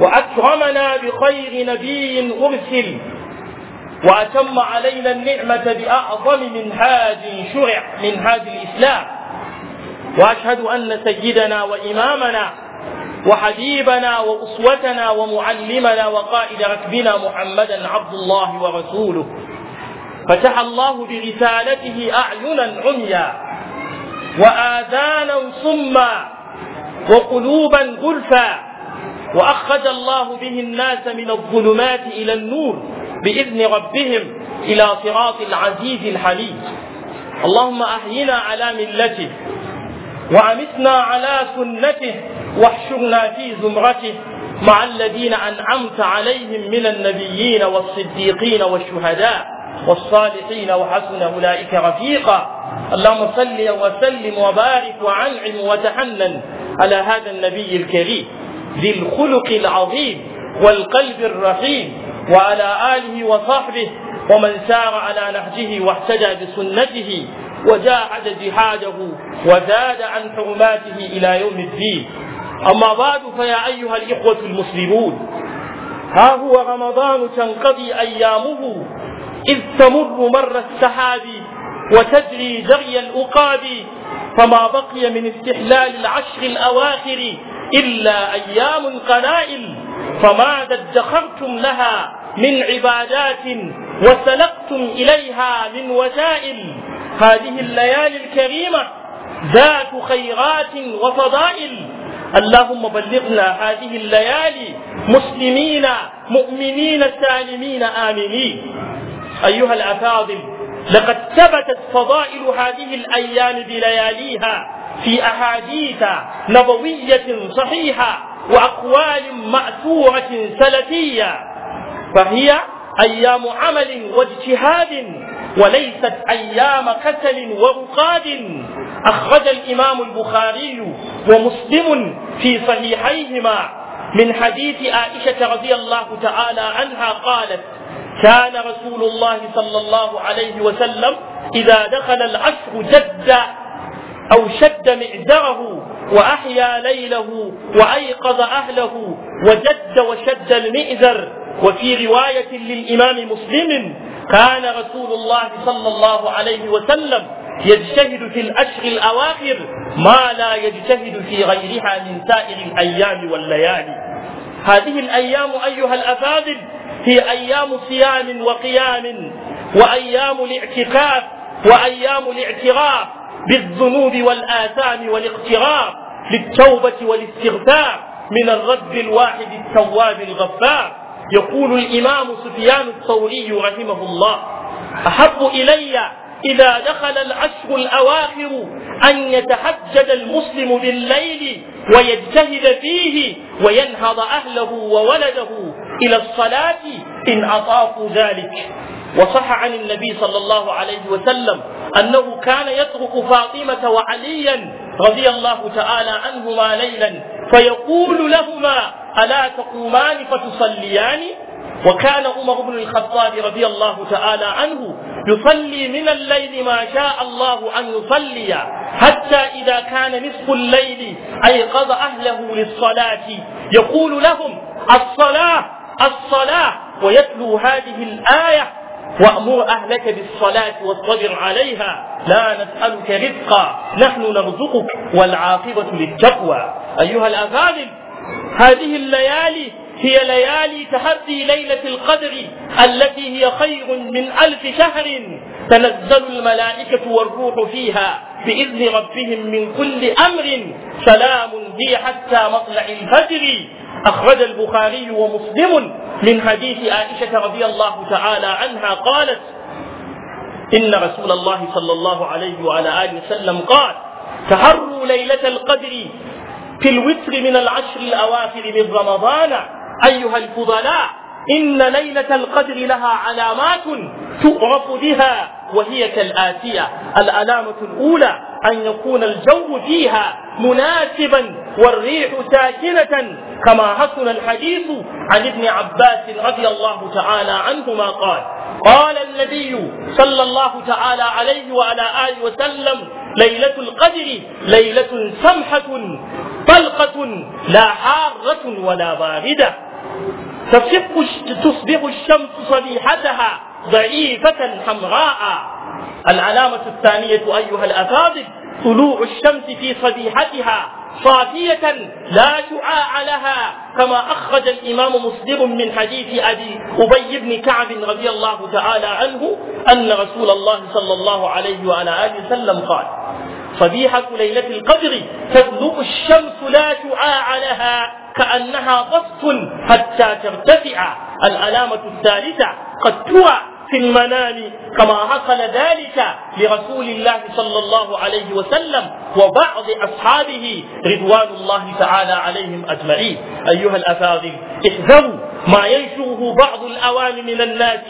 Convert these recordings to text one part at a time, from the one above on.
وأكرمنا بخير نبي أرسل وأتم علينا النعمة بأعظم منهاج شرع منهاج الإسلام وأشهد أن سيدنا وإمامنا وحبيبنا وأسوتنا ومعلمنا وقائد ركبنا محمدا عبد الله ورسوله فتح الله برسالته أعينا عميا وآذانا صما وقلوبا غلفا واخرج الله به الناس من الظلمات الى النور باذن ربهم الى صراط العزيز الحميد اللهم احينا على ملته وامتنا على سنته واحشرنا في زمرته مع الذين انعمت عليهم من النبيين والصديقين والشهداء والصالحين وحسن اولئك رفيقا اللهم صل وسلم وبارك وانعم وتحنن على هذا النبي الكريم ذي الخلق العظيم والقلب الرحيم وعلى آله وصحبه ومن سار على نهجه واهتدى بسنته وجاهد جهاده وزاد عن حرماته إلى يوم الدين أما بعد فيا أيها الإخوة المسلمون ها هو رمضان تنقضي أيامه إذ تمر مر السحاب وتجري جري الأقاب فما بقي من استحلال العشر الأواخر إلا أيام قلائل فماذا ادخرتم لها من عبادات وسلقتم إليها من وسائل هذه الليالي الكريمة ذات خيرات وفضائل اللهم بلغنا هذه الليالي مسلمين مؤمنين سالمين آمنين أيها الأفاضل لقد ثبتت فضائل هذه الأيام بلياليها في أحاديث نبوية صحيحة وأقوال مأثورة سلفية فهي أيام عمل واجتهاد وليست أيام كسل ورقاد أخرج الإمام البخاري ومسلم في صحيحيهما من حديث عائشة رضي الله تعالى عنها قالت كان رسول الله صلى الله عليه وسلم إذا دخل العشر جد شد معدره وأحيا ليله وأيقظ أهله وجد وشد المئزر وفي رواية للإمام مسلم كان رسول الله صلى الله عليه وسلم يجتهد في الأشهر الأواخر ما لا يجتهد في غيرها من سائر الأيام والليالي هذه الأيام أيها الأفاضل هي أيام صيام وقيام وأيام الاعتكاف وأيام الاعتراف بالذنوب والآثام والاقتراب للتوبة والاستغفار من الرب الواحد التواب الغفار يقول الإمام سفيان الثوري رحمه الله أحب إلي إذا دخل العشر الأواخر أن يتحجد المسلم بالليل ويجتهد فيه وينهض أهله وولده إلى الصلاة إن أطاقوا ذلك وصح عن النبي صلى الله عليه وسلم أنه كان يترك فاطمة وعليا رضي الله تعالى عنهما ليلا فيقول لهما ألا تقومان فتصليان وكان عمر بن الخطاب رضي الله تعالى عنه يصلي من الليل ما شاء الله أن يصلي حتى إذا كان نصف الليل أيقظ أهله للصلاة يقول لهم الصلاة الصلاة ويتلو هذه الآية وأمر أهلك بالصلاة واصطبر عليها لا نسألك رزقا نحن نرزقك والعاقبة للتقوى أيها الأفاضل هذه الليالي هي ليالي تحدي ليلة القدر التي هي خير من ألف شهر تنزل الملائكة والروح فيها بإذن ربهم من كل أمر سلام هي حتى مطلع الفجر أخرج البخاري ومسلم من حديث عائشة رضي الله تعالى عنها قالت إن رسول الله صلى الله عليه وعلى آله وسلم قال تهروا ليلة القدر في الوتر من العشر الأواخر من رمضان أيها الفضلاء إن ليلة القدر لها علامات تعرف بها وهي كالآتية العلامة الأولى أن يكون الجو فيها مناسبا والريح ساكنة كما حسن الحديث عن ابن عباس رضي الله تعالى عنهما قال قال النبي صلى الله تعالى عليه وعلى آله وسلم ليلة القدر ليلة سمحة طلقة لا حارة ولا باردة تصبح تصبح الشمس صبيحتها ضعيفة حمراء العلامة الثانية أيها الأفاضل طلوع الشمس في صبيحتها صافية لا شعاع لها كما أخرج الإمام مسلم من حديث أبي أبي بن كعب رضي الله تعالى عنه أن رسول الله صلى الله عليه وعلى آله وسلم قال صبيحة ليلة القدر تطلع الشمس لا شعاع لها كأنها قصف حتى ترتفع العلامة الثالثة قد توى في المنام كما حصل ذلك لرسول الله صلى الله عليه وسلم وبعض أصحابه رضوان الله تعالى عليهم أجمعين أيها الأفاضل احذروا ما ينشره بعض الأوان من الناس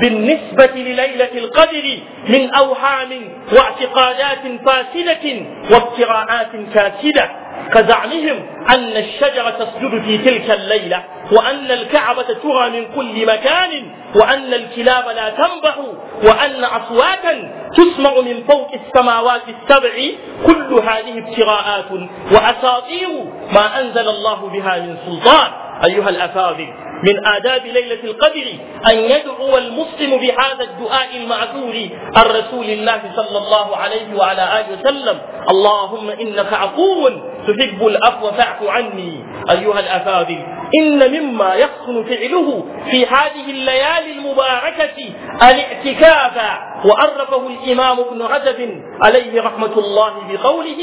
بالنسبة لليلة القدر من أوهام واعتقادات فاسدة وافتراءات كاسدة كزعمهم أن الشجرة تسجد في تلك الليلة وأن الكعبة ترى من كل مكان وأن الكلاب لا تنبح وأن أصواتا تسمع من فوق السماوات السبع كل هذه ابتغاءات وأساطير ما أنزل الله بها من سلطان أيها الأفاضل من آداب ليلة القدر أن يدعو المسلم بهذا الدعاء المعذور عن رسول الله صلى الله عليه وعلى آله وسلم اللهم إنك عفو تحب العفو فاعف عني أيها الأفاضل إن مما يحسن فعله في هذه الليالي المباركة الاعتكاف وعرفه الإمام ابن رجب عليه رحمة الله بقوله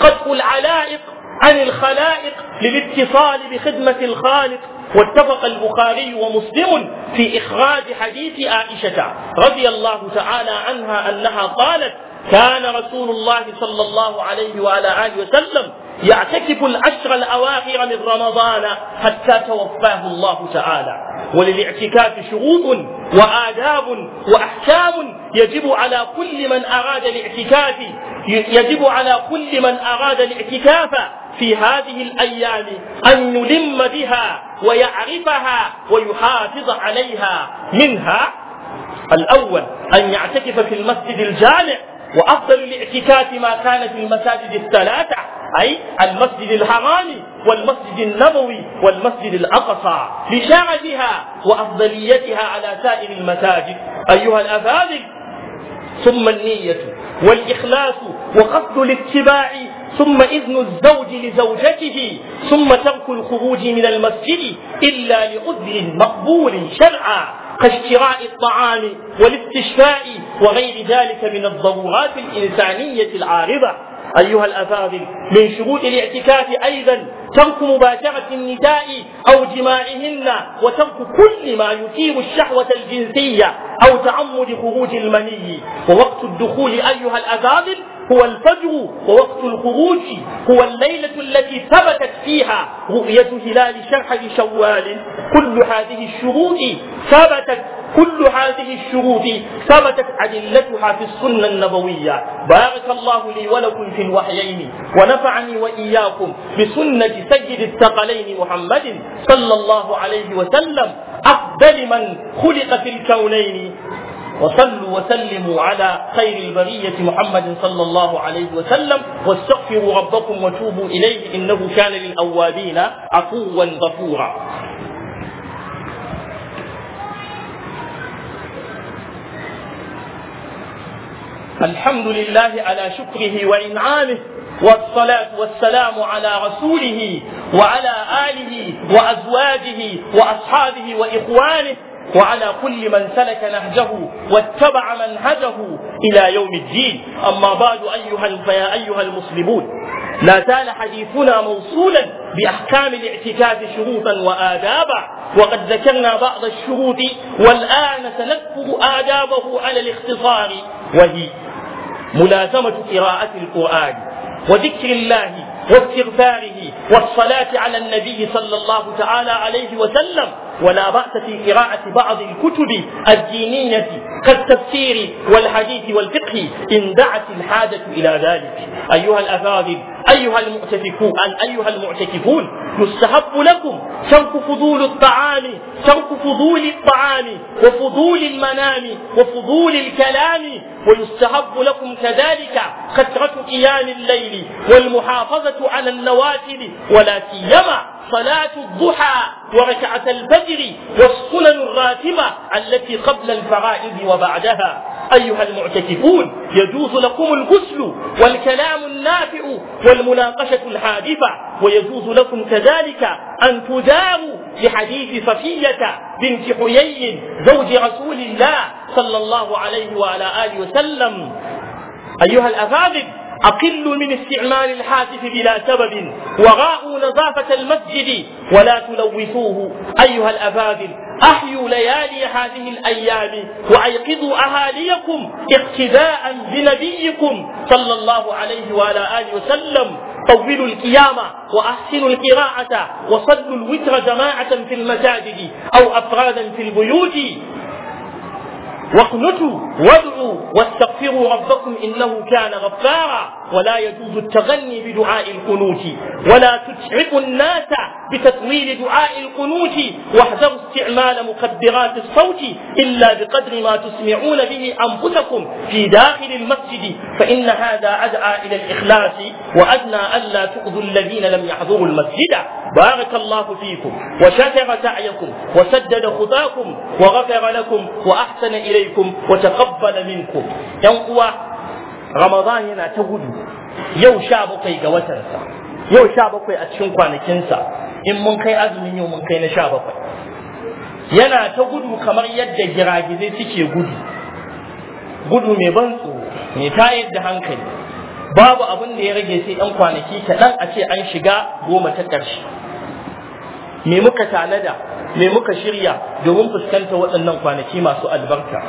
قطع العلائق عن الخلائق للاتصال بخدمة الخالق واتفق البخاري ومسلم في إخراج حديث عائشة رضي الله تعالى عنها أنها قالت كان رسول الله صلى الله عليه وعلى آله وسلم يعتكف العشر الأواخر من رمضان حتى توفاه الله تعالى وللاعتكاف شروط وآداب وأحكام يجب على كل من أراد الاعتكاف يجب على كل من أراد الاعتكاف في هذه الأيام أن يلم بها ويعرفها ويحافظ عليها منها الأول أن يعتكف في المسجد الجامع وأفضل الاعتكاف ما كان في المساجد الثلاثة أي المسجد الحرام والمسجد النبوي والمسجد الأقصى لشعبها وأفضليتها على سائر المساجد أيها الأفاضل ثم النية والإخلاص وقصد الاتباع ثم إذن الزوج لزوجته ثم ترك الخروج من المسجد إلا لعذر مقبول شرعا كاشتراء الطعام والاستشفاء وغير ذلك من الضرورات الإنسانية العارضة أيها الأفاضل من شروط الاعتكاف أيضا ترك مباشرة النساء أو جماعهن وترك كل ما يثير الشهوة الجنسية أو تعمد خروج المني ووقت الدخول أيها الأفاضل هو الفجر ووقت الخروج هو الليلة التي ثبتت فيها رؤية هلال شرح شوال كل هذه الشروط ثبتت كل هذه الشروط ثبتت أدلتها في السنة النبوية بارك الله لي ولكم في الوحيين ونفعني وإياكم بسنة سيد الثقلين محمد صلى الله عليه وسلم أفضل من خلق في الكونين وصلوا وسلموا على خير البرية محمد صلى الله عليه وسلم واستغفروا ربكم وتوبوا إليه إنه كان للأوابين عفوا غفورا الحمد لله على شكره وإنعامه والصلاة والسلام على رسوله وعلى آله وأزواجه وأصحابه وإخوانه وعلى كل من سلك نهجه واتبع منهجه إلى يوم الدين أما بعد أيها فيا أيها المسلمون لا زال حديثنا موصولا بأحكام الاعتكاف شروطا وآدابا وقد ذكرنا بعض الشروط والآن سنذكر آدابه على الاختصار وهي ملازمة قراءة القرآن وذكر الله واستغفاره والصلاة على النبي صلى الله تعالى عليه وسلم ولا بأس في قراءة بعض الكتب الدينية كالتفسير والحديث والفقه إن دعت الحاجة إلى ذلك أيها الأفاضل أيها المعتكفون أيها المعتكفون يستحب لكم ترك فضول الطعام ترك فضول الطعام وفضول المنام وفضول الكلام ويستحب لكم كذلك كثرة قيام الليل والمحافظة على النوافل ولا سيما صلاة الضحى وركعة الفجر والسنن الراتبة التي قبل الفرائض وبعدها أيها المعتكفون يجوز لكم الغسل والكلام النافع والمناقشة الحادثة ويجوز لكم كذلك أن تداروا لحديث صفية بنت حيي زوج رسول الله صلى الله عليه وعلى آله وسلم أيها الأفاضل أقل من استعمال الهاتف بلا سبب وغاءوا نظافة المسجد ولا تلوثوه أيها الأفاضل أحيوا ليالي هذه الأيام وأيقظوا أهاليكم اقتداء بنبيكم صلى الله عليه وعلى آله وسلم طولوا القيامة وأحسنوا القراءة وصلوا الوتر جماعة في المساجد أو أفرادا في البيوت واقنتوا وادعوا واستغفروا ربكم انه كان غفارا ولا يجوز التغني بدعاء القنوت ولا تتعبوا الناس بتطويل دعاء القنوت واحذروا استعمال مخدرات الصوت الا بقدر ما تسمعون به انفسكم في داخل المسجد فان هذا ادعى الى الاخلاص وادنى الا تؤذوا الذين لم يحضروا المسجد بارك الله فيكم وشكر سعيكم وسدد خطاكم وغفر لكم واحسن الى ilaikum wa min minkum yan uwa ramadan yana ta gudu yau sha bakwai ga watansa yau sha bakwai a cikin sa, in mun kai azumin yau mun kai na sha bakwai yana ta gudu kamar yadda giragizai suke gudu gudu mai ban tsoro mai ta yadda hankali babu abin da ya rage sai yan kwanaki kaɗan a ce an shiga goma ta ƙarshe me muka tanada me muka shirya domin fuskanta waɗannan kwanaki masu albarka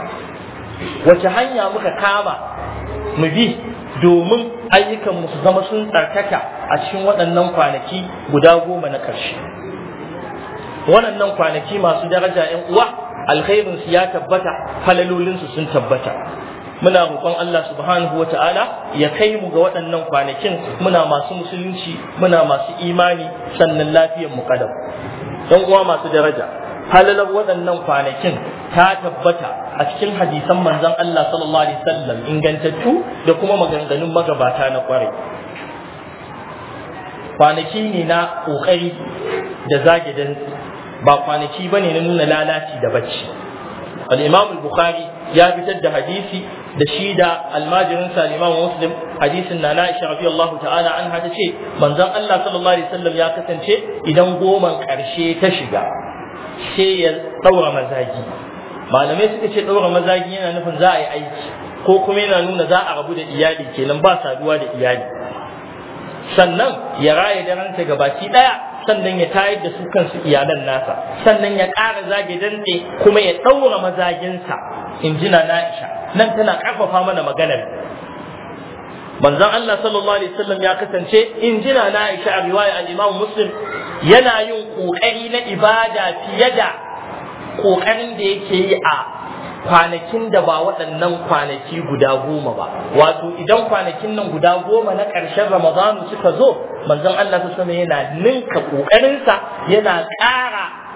wace hanya muka kama mu bi domin ayyukan mu su zama sun tsarkaka a cikin waɗannan kwanaki guda goma na ƙarshe waɗannan kwanaki masu daraja ‘yan uwa su ya tabbata su sun tabbata muna roƙon Allah subhanahu wata'ala ya kai mu ga waɗannan kwanakin muna masu musulunci muna masu imani sannan lafiyar mu kadam dan uwa masu daraja halalar waɗannan kwanakin ta tabbata a cikin hadisan manzon Allah sallallahu alaihi wasallam ingantattu da kuma maganganun magabata na kwarai kwanaki ne na kokari da zage dantsi ba kwanaki bane na nuna lalaci da bacci al-Imam al-Bukhari ya fitar da hadisi da shi da almajirin saliman muslim hadisin na na'isha radiyallahu ta'ala an ta ce manzon Allah sallallahu alaihi wasallam ya kasance idan goman karshe ta shiga sai ya daura mazagi malamai suka ce daura mazagi yana nufin za a yi aiki ko kuma yana nuna za a rabu da iyali kenan ba saduwa da iyali sannan ya raya daren ta gabaki daya sannan ya tayar da su kansu iyalan nasa sannan ya ƙara zage dantse kuma ya ɗaura mazaginsa in ji na na'isha nan tana karfafa mana maganar manzon Allah sallallahu alaihi wasallam ya kasance injina na Aisha a riwaya an imam Muslim yana yin kokari na ibada fiye da kokarin da yake yi a kwanakin da ba waɗannan kwanaki guda goma ba wato idan kwanakin nan guda goma na ƙarshen ramadanu suka zo manzon Allah sallallahu alaihi yana ninka ƙoƙarinsa yana ƙara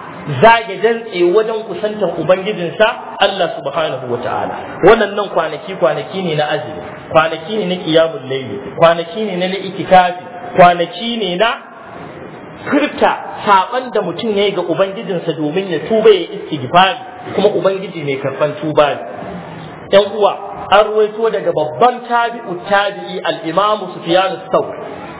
zage dantse wajen kusantar ubangijinsa Allah subhanahu wa ta'ala waɗannan kwanaki kwanaki ne na azumi kwanaki ne na qiyamul layli kwanaki ne na itikafi kwanaki ne na kirta saban da mutum yayi ga ubangijinsa domin ya tuba ya istighfari kuma ubangiji mai karban tuba ne yan uwa an ruwaito daga babban tabi'u tabi'i al-imam sufyan as-sawr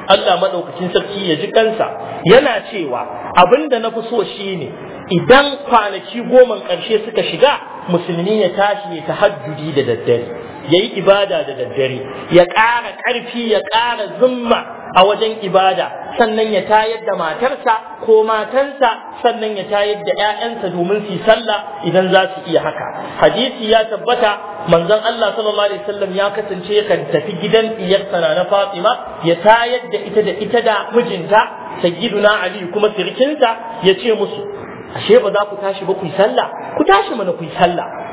Allah madaukakin sarki ya ji kansa yana cewa abinda na fi so shine idan kwanaki goma ƙarshe suka shiga musulmi ya tashi ya tahajjudi da daddare ya yi ibada da daddare ya ƙara ƙarfi ya ƙara zumma a wajen ibada sannan ya tayar da matarsa ko matansa sannan ya tayar da 'ya'yansa domin su sallah idan za su iya haka hadisi ya tabbata manzon Allah sallallahu alaihi wasallam ya kasance yakan tafi gidan diyarsa na Fatima ya tayar da ita da ita da mijinta sayyiduna Ali kuma sirkinta ya ce musu ashe ba za ku tashi ba ku yi sallah ku tashi mana ku yi sallah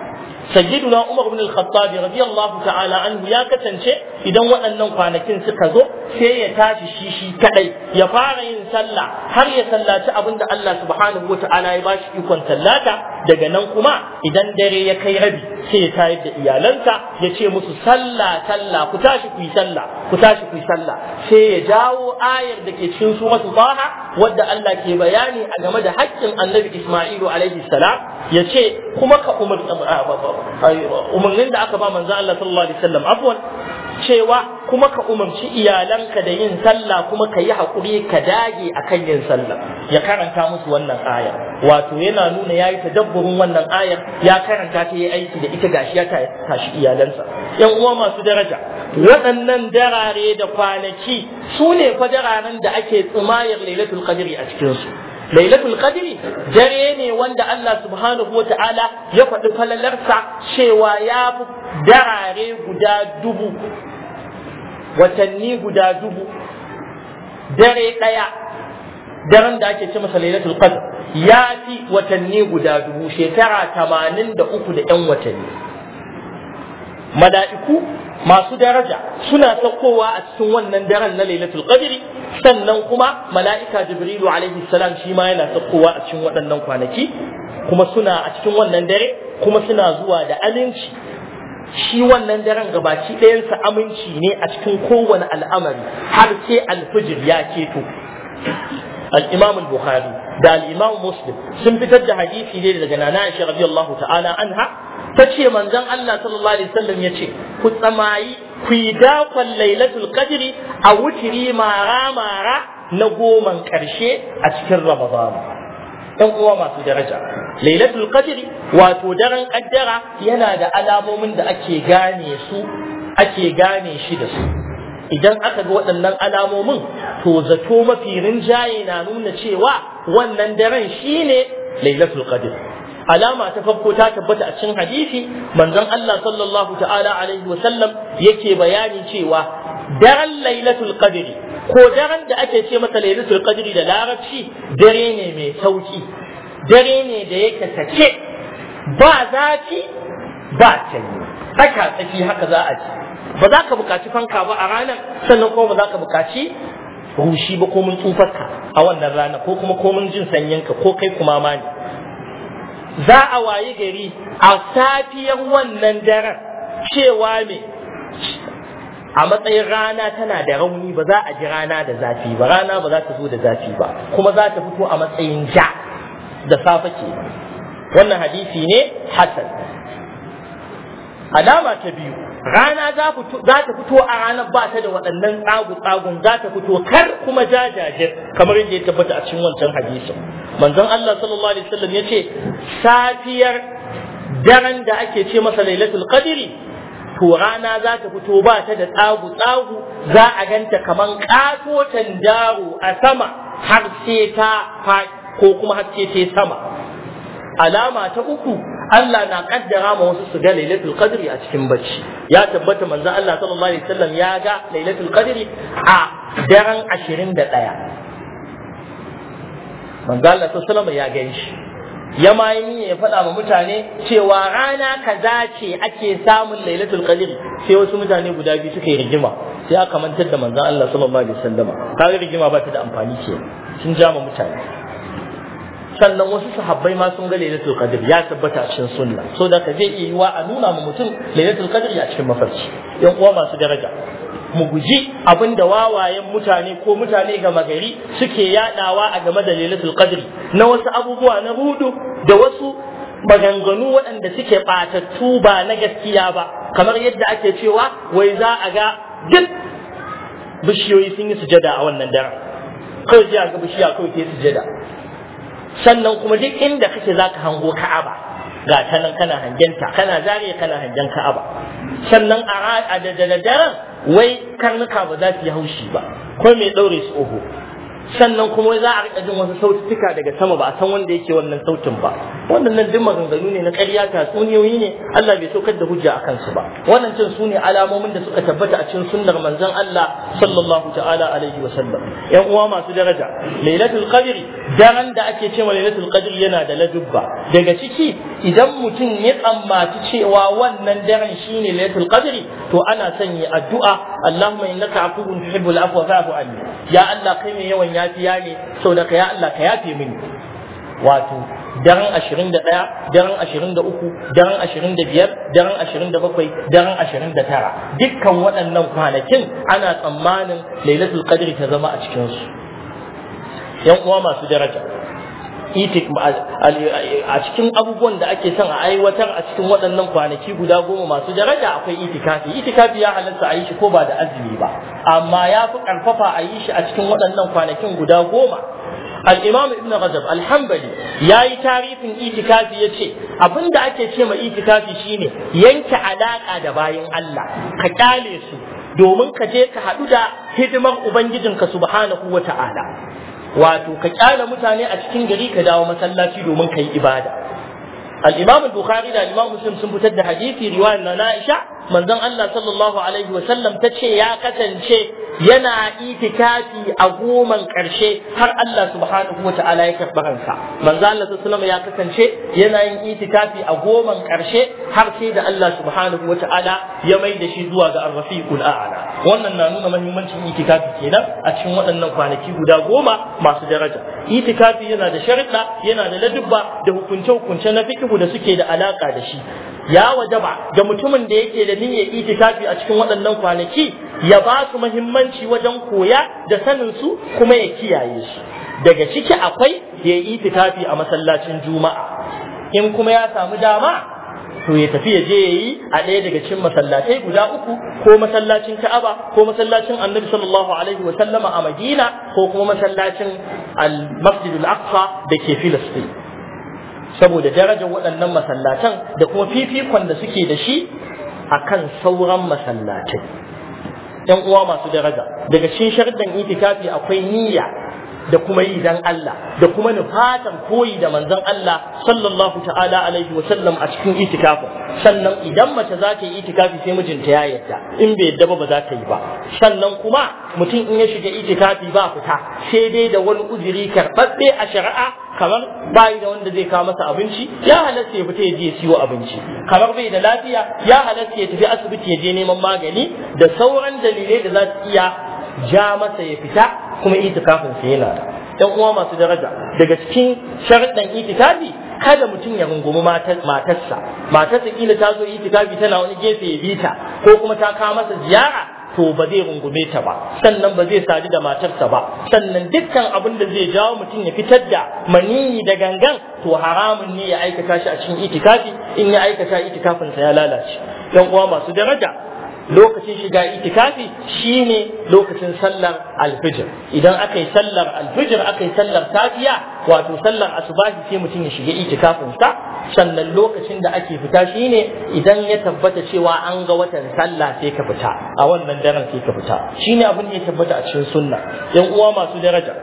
sayyiduna umar ibn al-khattab radiyallahu ta'ala anhu ya kasance idan waɗannan kwanakin suka zo sai ya tashi shishi shi ya fara yin sallah har ya sallaci abinda Allah subhanahu wata'ala ya bashi ikon sallata daga nan kuma idan dare ya kai rabi sai ya tayar da iyalansa ya ce musu sallah sallah ku tashi ku yi sallah ku tashi ku sallah sai ya jawo ayar da ke cikin suratul taha wadda Allah ke bayani a game da hakkin annabi Isma'il alaihi salam ya ce kuma ka umar umarnin da aka ba manzo Allah sallallahu alaihi wasallam afwan cewa kuma ka umarci iyalanka da yin sallah kuma ka yi haƙuri ka dage akan yin sallah ya karanta musu wannan ayar wato yana nuna ya yi tadabburin wannan ayar ya karanta ta yi aiki da ita gashi ya tashi iyalansa yan uwa masu daraja waɗannan darare da kwanaki su ne fa da ake tsumayar lailatul qadri a cikinsu lailatul qadri dare ne wanda Allah subhanahu wa ta'ala ya faɗi falalarsa cewa ya fi darare guda dubu watanni guda dubu dare ɗaya daren da ake ce masa lailatul qadr ya fi watanni guda dubu shekara tamanin da uku da ƴan watanni mala'iku masu daraja suna saukowa a cikin wannan daren na lailatul qadri sannan kuma mala'ika jibrilu alaihi salam shi ma yana saukowa a cikin waɗannan kwanaki kuma suna a cikin wannan dare kuma suna zuwa da aminci shi wannan daren gabaci ɗayansa aminci ne a cikin kowane al'amari har sai alfijir ya keto al-imam al da al-imam muslim sun fitar da hadisi ne daga nana aisha radiyallahu ta'ala anha ta ce manzon Allah sallallahu alaihi wasallam ya ce ku tsamayi ku yi dakon lailatul qadri a wutiri mara mara na goman karshe a cikin ramadan ɗan uwa masu daraja lailatul qadri wato daren kaddara yana da alamomin da ake gane su ake gane shi da su idan aka ga waɗannan alamomin to zato mafi rinjaye na nuna cewa wannan daren shine lailatul Qadri. alama ta farko ta tabbata a cikin hadisi manzon Allah sallallahu ta'ala alaihi wa sallam yake bayani cewa daren lailatul qadri ko daren da ake ce masa lailatul qadri da larabci dare ne mai sauki dare ne da yake sake ba zafi ba canyi tsaka tsaki haka za a ci ba za ka buƙaci fanka ba a ranar sannan kuma ba za ka buƙaci rushi ba ko mun tsufarka a wannan rana ko kuma ko mun jin sanyin ka ko kai kuma ma ne za a wayi gari a safiyar wannan daren cewa me a matsayin rana tana da rauni ba za a ji rana da zafi ba rana ba za ta zo da zafi ba kuma za ta fito a matsayin ja da safe ke wannan hadisi ne hasan alama ta biyu rana za ta fito a ranar ba ta da waɗannan tsagu-tsagun za ta fito kar kuma jajaje kamar yadda ya tabbata a cikin wancan hadisi manzon Allah sallallahu alaihi wasallam ya safiyar daren da ake ce masa lailatul qadri to rana za ta fito ba ta da tsagu-tsagu za a ganta kamar katotan daro a sama har sai ta ko kuma har sai ta sama alama ta uku Allah na kaddara ma wasu su ga lailatul qadri a cikin bacci ya tabbata manzon Allah sallallahu alaihi wasallam ya ga lailatul qadri a daren 21 manzon Allah sallallahu ya gan shi ya ma yi ya faɗa ma mutane cewa rana kaza ce ake samun lailatul qadri sai wasu mutane guda biyu suka yi rigima sai aka mantar da manzon Allah sallallahu alaihi wasallam Ka rigima ba ta da amfani ce sun jama mutane sannan wasu sahabbai ma sun ga lailatul qadr ya tabbata a cikin sunna so da ka zai yi wa a nuna ma mutum lailatul qadr ya cikin mafarki yan uwa masu daraja mu guji abin da wawayen mutane ko mutane gama gari suke yadawa a game da lailatul qadr na wasu abubuwa na rudu da wasu maganganu waɗanda suke ɓatattu ba na gaskiya ba kamar yadda ake cewa wai za a ga duk bishiyoyi sun yi sujada a wannan daren kawai sai a ga bishiya kawai ke sujada sannan kuma duk inda kake zaka hango ka'aba ga ta nan kana hangenta kana zare kana hangen ka'aba sannan a da daren wai karnuka ba za su yi haushi ba ko mai ɗaure su oho sannan kuma za a riƙa jin wasu sautuka daga sama ba a san wanda yake wannan sautin ba waɗannan duk maganganu ne na ƙarya tatsuniyoyi ne Allah bai saukar da hujja a kansu ba wannan cin su ne alamomin da suka tabbata a cikin sunnar manzon Allah sallallahu ta'ala alaihi wa sallam ƴan uwa masu daraja lailatul qadr daren da ake cewa lailatul qadr yana da ladubba daga ciki idan mutum ya tsammaci cewa wannan daren shine lailatul qadr to ana sanya addu'a Allahumma innaka afuwun tuhibbul afwa fa'fu anni ya Allah kai mai yawan na fiya ne saboda ka ya Allah ka yafe mini wato daren ashirin da ɗaya daren ashirin da uku daren ashirin da biyar daren ashirin da bakwai daren ashirin da tara dukkan waɗannan kwanakin ana tsammanin lailatul qadri ta zama a cikinsu yan uwa masu daraja a cikin abubuwan da ake son a aiwatar a cikin waɗannan kwanaki guda goma masu daraja akwai itikafi itikafi ya halarta a yi shi ko ba da azumi ba amma ya fi ƙarfafa a yi shi a cikin waɗannan kwanakin guda goma al-imam ibn rajab al ya yi tarihin itikafi ya ce, abin da ake ce ma itikafi shine yanke alaƙa da bayan Allah ka kyale su domin ka je ka haɗu da hidimar ubangijinka subhanahu wata'ala wato ka kyala mutane a cikin gari ka dawo masallaci domin ka yi ibada al-imam bukhari da al-imam muslim sun fitar da hadisi riwayar na Aisha manzon Allah sallallahu alaihi wa sallam ta ce ya kasance yana itikafi a goman ƙarshe har Allah subhanahu wa ta'ala ya karɓi kansa manzon Allah sallallahu ya kasance yana yin itikafi a goman karshe har sai da Allah subhanahu wa ta'ala ya mai da shi zuwa ga arrafiqul a'la wannan na nuna muhimmancin itikafi kenan a cikin waɗannan kwanaki guda goma masu daraja itikafi yana da sharuɗa yana da ladubba da hukunce-hukunce na fikihu da suke da alaƙa da shi ya wajaba ga mutumin da yake da niyyar itikafi a cikin waɗannan kwanaki ya ba su muhimmanci wajen koya da sanin su kuma ya kiyaye shi daga ciki akwai ya yi itikafi a masallacin juma'a in kuma ya samu dama to ya tafi ya je ya yi a ɗaya daga cikin masallatai guda uku ko masallacin Ka'aba ko masallacin Annabi sallallahu alaihi wa sallama a Madina ko kuma masallacin al al Aqsa da ke Filistin saboda darajar waɗannan masallatan da kuma fifikon da suke da shi akan sauran masallatai yan uwa masu daraja daga cikin sharuɗan itikafi akwai niyya da kuma yi dan Allah da kuma nufatan koyi da manzon Allah sallallahu ta'ala alaihi wa sallam a cikin itikafi sannan idan mace za ta yi itikafi sai mijinta ya yarda in bai yarda ba ba za ta yi ba sannan kuma mutum in ya shiga itikafi ba fita sai dai da wani uzuri karɓaɓɓe a shari'a kamar bayi da wanda zai kawo masa abinci ya halatta ya fita ya je siyo abinci kamar bai da lafiya ya halatta ya tafi asibiti ya je neman magani da sauran dalilai da za su iya ja masa ya fita kuma itikafin sa yana da ɗan uwa masu daraja daga cikin sharɗan itikafi kada mutum ya rungumi matarsa matarsa kila ta zo itikafi tana wani gefe ya bi ta ko kuma ta kawo masa ziyara to ba zai rungume ta ba sannan ba zai sadu da matarsa ba sannan dukkan abin da zai jawo mutum ya fitar da maniyi da gangan to haramun ne ya aikata shi a cikin itikafi in ya aikata itikafinsa ya lalace ɗan uwa masu daraja lokacin shiga itikafi shine lokacin sallar alfijir idan aka yi sallar alfijir aka yi sallar safiya wato sallar asubahi sai mutum ya shiga itikafin sa sannan lokacin da ake fita shine idan ya tabbata cewa an ga watan sallah sai ka fita a wannan daren sai ka fita shine abin da ya tabbata a cikin sunna yan uwa masu daraja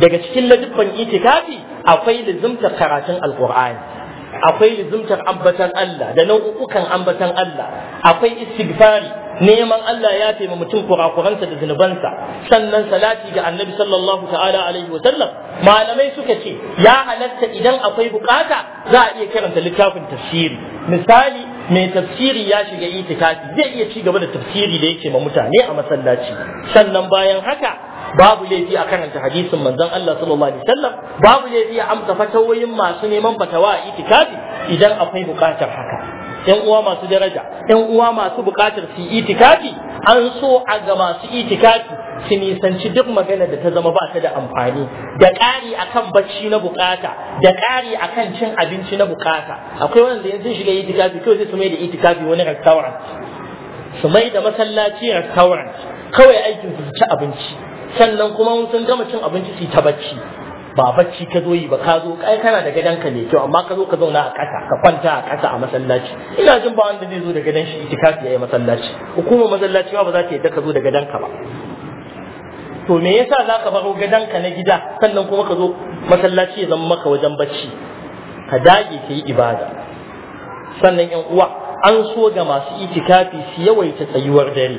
daga cikin ladubban itikafi akwai lazimta karatun alqur'ani akwai lizumtar ambatan Allah da nau'ukan ambatan Allah akwai istighfari neman Allah ya taimaka mutum kurakuransa da zunubansa sannan salati ga annabi sallallahu ta'ala alaihi wa sallam malamai suka ce ya halatta idan akwai bukata za a iya karanta littafin tafsiri misali mai tafsiri ya shiga itikafi zai iya ci gaba da tafsiri da yake ma mutane a masallaci sannan bayan haka babu laifi a karanta hadisin manzon Allah sallallahu alaihi wasallam babu laifi a amsa fatawoyin masu neman fatawa a itikafi idan akwai bukatar haka Ƴan uwa masu daraja yan uwa masu bukatar su itikafi an so a ga masu itikafi su nisanci duk magana da ta zama ba ta da amfani da ƙari akan bacci na bukata da ƙari akan cin abinci na bukata akwai wanda yanzu shiga itikafi kawai sai su mai da itikafi wani restaurant su mai da masallaci restaurant kawai aikin su ci abinci sannan kuma sun gama cin abinci su ta bacci ba bacci ka zo yi ba ka zo kai kana da gidanka ne kyau amma ka zo ka zauna a ƙasa ka kwanta a kasa a masallaci ina jin ba wanda zai zo da gidan shi itikafi yayin masallaci hukumar masallaci ba za ta yadda ka zo da gidanka ba to me yasa za ka baro gidanka na gida sannan kuma ka zo masallaci ya zama maka wajen bacci ka dage ka yi ibada sannan yan uwa an so ga masu itikafi su yawaita tsayuwar dare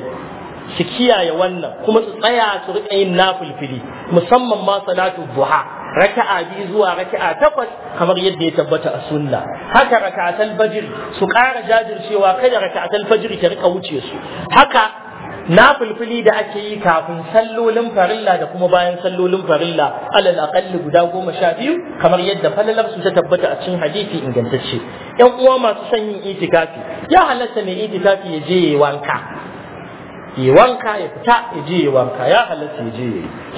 su kiyaye wannan kuma su tsaya su riƙa yin nafilfili musamman ma salatu duha raka'a biyu zuwa raka'a takwas kamar yadda ya tabbata a sunna haka raka'atul fajr su ƙara jajircewa kada raka'atul fajr ta rika wuce su haka nafilfili da ake yi kafin sallolin farilla da kuma bayan sallolin farilla alal aqalli guda goma sha biyu kamar yadda falalar su ta tabbata a cikin hadisi ingantacce yan uwa masu son yin itikafi ya halatta mai itikafi ya je wanka ya wanka ya fita ya je ya wanka ya halatta ya je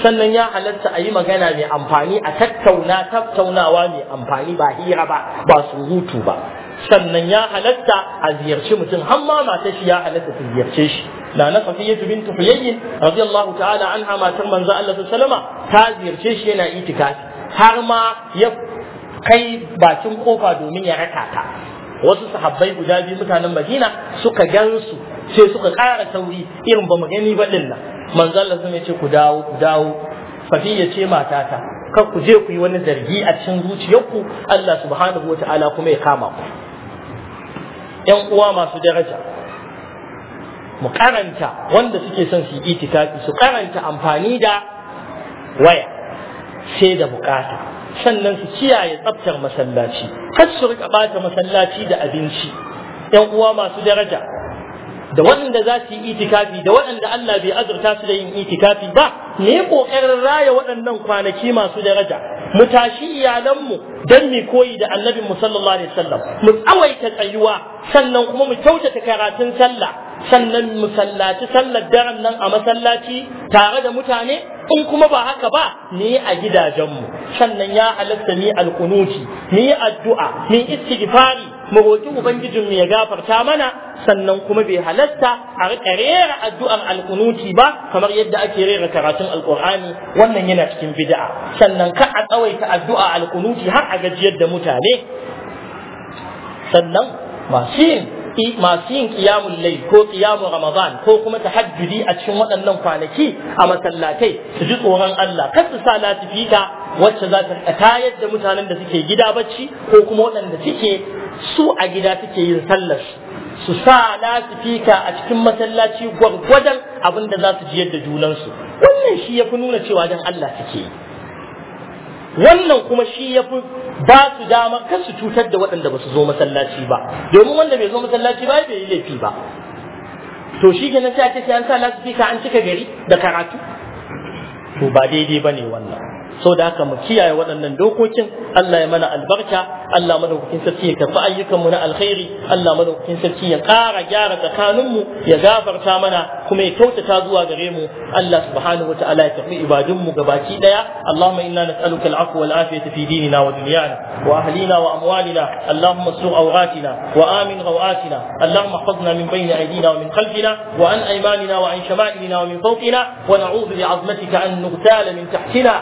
sannan ya halatta a yi magana mai amfani a tattauna tattaunawa mai amfani ba hira ba ba surutu ba sannan ya halatta a ziyarci mutum har ma mata shi ya halatta ta ziyarce shi na na safiya bint huyayyin radiyallahu ta'ala anha matar manzo Allah sallama ta ziyarce shi yana itikafi har ma ya kai bakin kofa domin ya raka ta wasu sahabbai guda biyu mutanen Madina suka gansu sai suka ƙara sauri irin ba mu gani ba din nan manzo Allah sun ce ku dawo ku dawo fadiya ce matata kar ku je ku yi wani zargi a cikin zuciyarku Allah subhanahu wataala kuma ya kama ku yan uwa masu daraja mu karanta wanda suke son su yi itikafi su karanta amfani da waya sai da bukata sannan su kiyaye tsaftar masallaci kar su rika bata masallaci da abinci yan uwa masu daraja da waɗanda za su yi itikafi da waɗanda Allah bai azurta su da yin itikafi ba ne ƙoƙarin raya waɗannan kwanaki masu daraja mu tashi iyalanmu don mu koyi da annabin mu sallallahu alaihi wasallam mu tsawaita tsayuwa sannan kuma mu kyautata karatun sallah sannan mu sallaci sallar daren nan a masallaci tare da mutane in kuma ba haka ba ni a gidajenmu sannan ya halatta ni alkunuti ni addu'a ni istighfari mu roki ubangijin mu ya gafarta mana sannan kuma bai halarta a rika rera addu'ar alkunuti ba kamar yadda ake rera karatun alkur'ani wannan yana cikin bid'a sannan ka a tsawaita addu'a alkunuti har a gajiyar da mutane sannan masu yin masu yin kiyamun lai ko kiyamun ramadan ko kuma ta hajjudi a cikin waɗannan kwanaki a masallatai su ji tsoron Allah kar su sa latifika wacce za ta tayar da mutanen da suke gida bacci ko kuma waɗanda suke su a gida suke yin sallar su sa lasifika a cikin masallaci gwargwadon abin da za su ji yadda junansu wannan shi ya fi nuna cewa don Allah suke yi wannan kuma shi ya fi ba su dama kan su cutar da waɗanda ba su zo masallaci ba domin wanda bai zo masallaci ba bai yi laifi ba to shi ke na sai an sa lasifika an cika gari da karatu to ba daidai ba ne wannan so da haka mu kiyaye waɗannan dokokin Allah ya mana albarka Allah madaukakin sarki ya karɓi ayyukanmu na alkhairi Allah madaukakin sarki ya ƙara gyara tsakaninmu ya gafarta mana kuma ya kyautata zuwa gare mu Allah subhanahu wa ta'ala ya karɓi ibadunmu gabaki ɗaya Allahumma inna nas'aluka al'afwa wal afiyata fi dinina wa dunyana wa ahlina wa amwalina Allahumma sur awratina wa amin rawatina Allahumma ihfazna min bayni aydina wa min khalfina wa an aymanina wa an shama'ilina wa min fawqina wa na'udhu bi'azmatika an nughtala min tahtina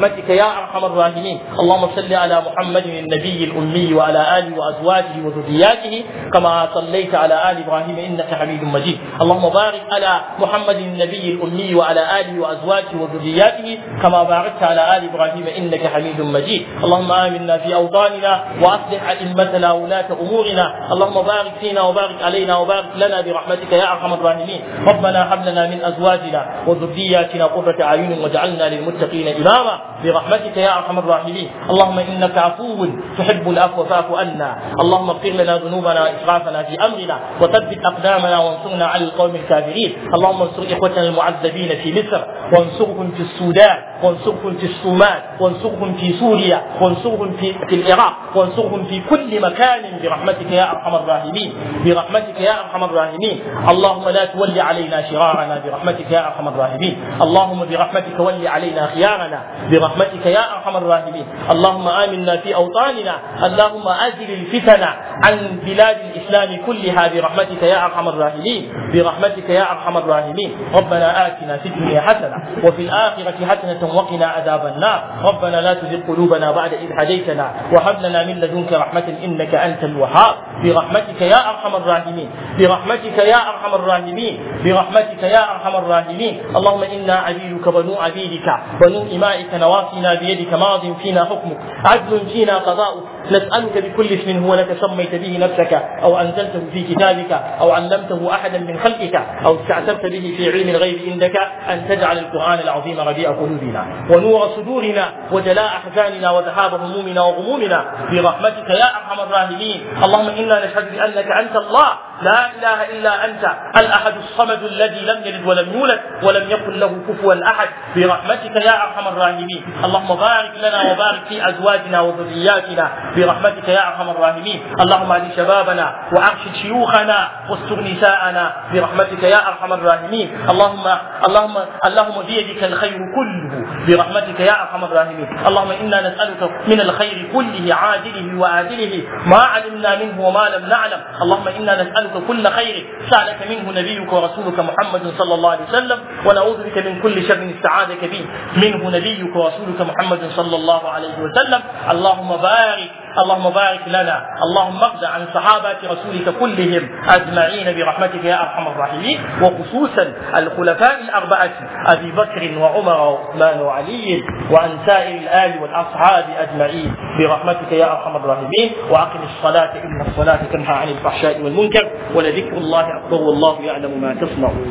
برحمتك يا ارحم الراحمين اللهم صل على محمد النبي الامي وعلى اله وازواجه وذرياته كما صليت على ال ابراهيم انك حميد مجيد اللهم بارك على محمد النبي الامي وعلى اله وازواجه وذرياته كما باركت على ال ابراهيم انك حميد مجيد اللهم امنا في اوطاننا واصلح ائمتنا ولاة امورنا اللهم بارك فينا وبارك علينا وبارك لنا برحمتك يا ارحم الراحمين ربنا هب لنا من ازواجنا وذرياتنا قرة اعين واجعلنا للمتقين اماما برحمتك يا ارحم الراحمين اللهم انك عفو تحب العفو فاعف عنا اللهم اغفر لنا ذنوبنا واسرافنا في امرنا وثبت اقدامنا وانصرنا على القوم الكافرين اللهم انصر اخوتنا المعذبين في مصر وانصرهم في السودان وانصرهم في الصومال وانصرهم في سوريا وانصرهم في, في العراق وانصرهم في كل مكان برحمتك يا ارحم الراحمين برحمتك يا ارحم الراحمين اللهم لا تولي علينا شرارنا برحمتك يا ارحم الراحمين اللهم برحمتك ولي علينا خيارنا برحمتك يا ارحم الراحمين اللهم امنا في اوطاننا اللهم ازل الفتن عن بلاد الاسلام كلها برحمتك يا ارحم الراحمين برحمتك يا ارحم الراحمين ربنا اتنا في الدنيا حسنه وفي الاخره حسنه وقنا عذاب النار ربنا لا تزغ قلوبنا بعد اذ هديتنا وهب لنا من لدنك رحمه انك انت الوهاب برحمتك يا ارحم الراحمين برحمتك يا ارحم الراحمين برحمتك يا ارحم الراحمين اللهم انا عبيدك بنو عبيدك بنو امائك نواصينا بيدك ماض فينا حكمك عدل فينا قضاؤك نسألك بكل اسم هو لك سميت به نفسك أو أنزلته في كتابك أو علمته أحدا من خلقك أو استعتبت به في علم الغيب عندك أن تجعل القرآن العظيم ربيع قلوبنا ونور صدورنا وجلاء أحزاننا وذهاب همومنا وغمومنا برحمتك يا أرحم الراحمين اللهم إنا نشهد بأنك أنت الله لا إله إلا أنت الأحد الصمد الذي لم يلد ولم يولد ولم يكن له كفوا أحد برحمتك يا أرحم الراحمين اللهم بارك لنا وبارك في أزواجنا وذرياتنا برحمتك يا ارحم الراحمين اللهم اهد شبابنا وارشد شيوخنا واستر نساءنا برحمتك يا ارحم الراحمين اللهم اللهم اللهم بيدك الخير كله برحمتك يا ارحم الراحمين اللهم انا نسالك من الخير كله عاجله واجله ما علمنا منه وما لم نعلم اللهم انا نسالك كل خير سالك منه نبيك ورسولك محمد صلى الله عليه وسلم ونعوذ بك من كل شر استعاذك به منه نبيك ورسولك محمد صلى الله عليه وسلم اللهم بارك اللهم بارك لنا اللهم اقض عن صحابة رسولك كلهم أجمعين برحمتك يا أرحم الراحمين وخصوصا الخلفاء الأربعة أبي بكر وعمر وعثمان وعلي وعن سائر الآل والأصحاب أجمعين برحمتك يا أرحم الراحمين وأقم الصلاة إن الصلاة تنهى عن الفحشاء والمنكر ولذكر الله أكبر والله يعلم ما تصنعون